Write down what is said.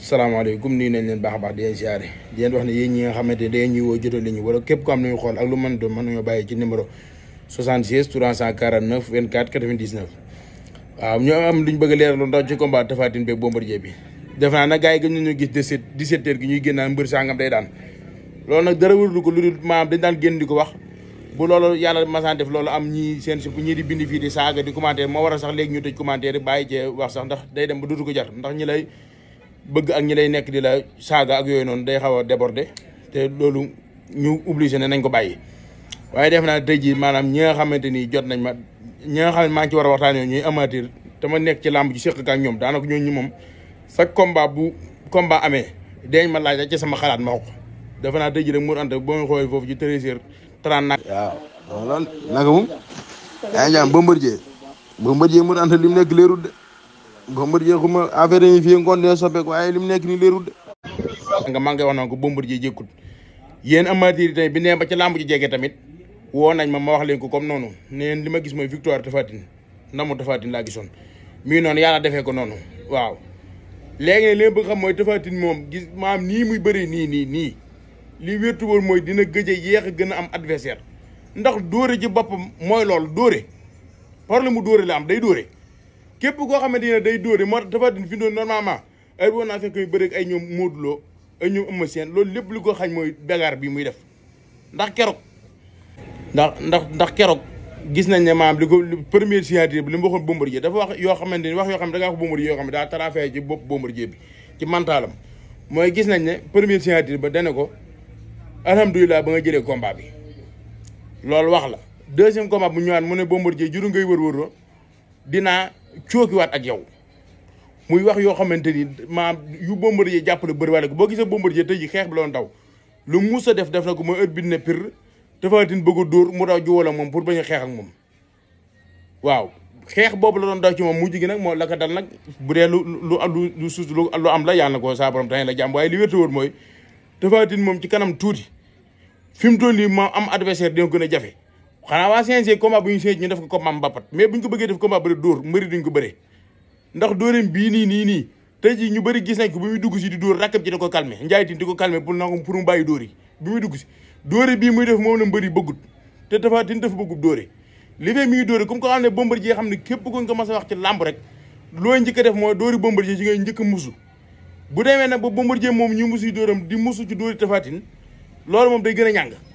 salaamaaleykum nuyu nañ leen baax baax di leen siyaare di leen wax ne yéen ñi nga xamante ne day ñuy woo jotee li ñu wala képp ko am nañu xool ak lu mën doon mën nañoo bàyyi ci numéro 76 349 bëgg a leeraloon ndax ci combat Tapha Tine beeg bi def nag gars yi gën nañoo gis 17 17 heures gi ñuy génnaan mbër sangam day daan loolu nag dara wërlu ko lu dul maanaam dañ daan génn di ko wax bu loolu yàlla masaan def loolu am ñii seen sup ñii di bind fii di saaga di commentaire moo war a sax léegi ñu tëj wax sax ndax day dem ba dutu ko bëgg ak ñi lay nekk di la saaga ak yooyu noonu day xaw a déborder te loolu ñu obligé ne nañ ko bàyyi waaye def naa tey jii maanaam ñi nga xamante ni jot nañ ma ñi nga maa ngi ci war a waxtaan yooyu ñuy amatir ma nekk ci làmb ji seq ak ñoom daanaka ñooñu moom sa combat bu combat amee dañ ma laaj ci sama xalaat ma wax ko defe naa tey jii rek mu ante boo ma xoolee foofu ci treize heures trente nag. waaw loolu naka moom. yaa ngi jàmm Bombardier mu ante lim nekk leerul Bombardier xuma affaire yi fii ngoon dee soppeeku waaye li mu nekk nii leerul de. nga maa ngi wax noonu ko Bombardier jékkut yéen amateur tey bi ne ba ca làmb ji jege tamit woo nañ ma ma wax leen ko comme noonu neen li ma gis mooy victoire Tapha Tine ndamu Tapha Tine laa gisoon mii noonu yàlla defee ko noonu waaw. léegi nag li bëgg xam mooy Tapha moom gis maam nii muy bëri nii nii nii li wértu woon mooy dina gëj a yéex a gën a am adversaire ndax dóore ji boppam mooy loolu dóore par la mu dóore la am day dóore. képp koo xamante ne day dóori moo tax Tapha Tine fi doon normalement ay boo naa fekk yu bëri ay ñoom Modou ay ñoom Eumeu Sène loolu lépp lu ko xañ mooy bagarre bi muy def ndax keroog ndax ndax ndax keroog gis nañ ne maam li ko première signature bi li mu waxoon Bombardier dafa wax yoo xamante ni wax yoo xam ne da ngaa wax yoo xam ne daa traversé ci bopp Bombardier bi mooy gis nañ ne première signature ba dane ko alhamdulilah ba nga jëlee combat bi loolu wax la deuxième combat bu ñëwaat mu ne Bombardier juru ngay wër-wër dinaa cookiwaat ak yow muy wax yoo xamante ni maam yu Bombardier jàppale bëriwaale ko boo gisee Bombardier tey ji xeex bi la doon daw lu mus a def def na ko mooy heure bi ne pire Tapha Tine bëgg a dóor mu daw moom pour bañ xeex ak moom waaw xeex boobu la doon daw mujj gi nag moo la ko dal nag bu dee lu lu lu suus lu am la yàlla na ko saa borom la jàmm waaye li wér wóor mooy Tapha Tine moom ci kanam tuuti fi mu toll nii ma am adversaire dina gën a jafe. xanaa waa CNG combat bu ñu feej ñu def ko combat mbapat mais bu ñu ko bëggee def ko bëre nii nii nii jii ñu bëri gis nañ bu muy dugg si di dóor rakkab ji da ko calmer Ndiaye Tine di ko calmer pour nangam pour mu bàyyi dóor yi bi muy dugg si dóore moom la mbëri bëggut comme ko xam ne Bombardier xam wax ci làmb rek loo njëkk a def mooy njëkk musu bu demee nag ba Bombardier moom ñu musuy dóoram di musu ci dóori Tapha loolu moom day gën a ñàng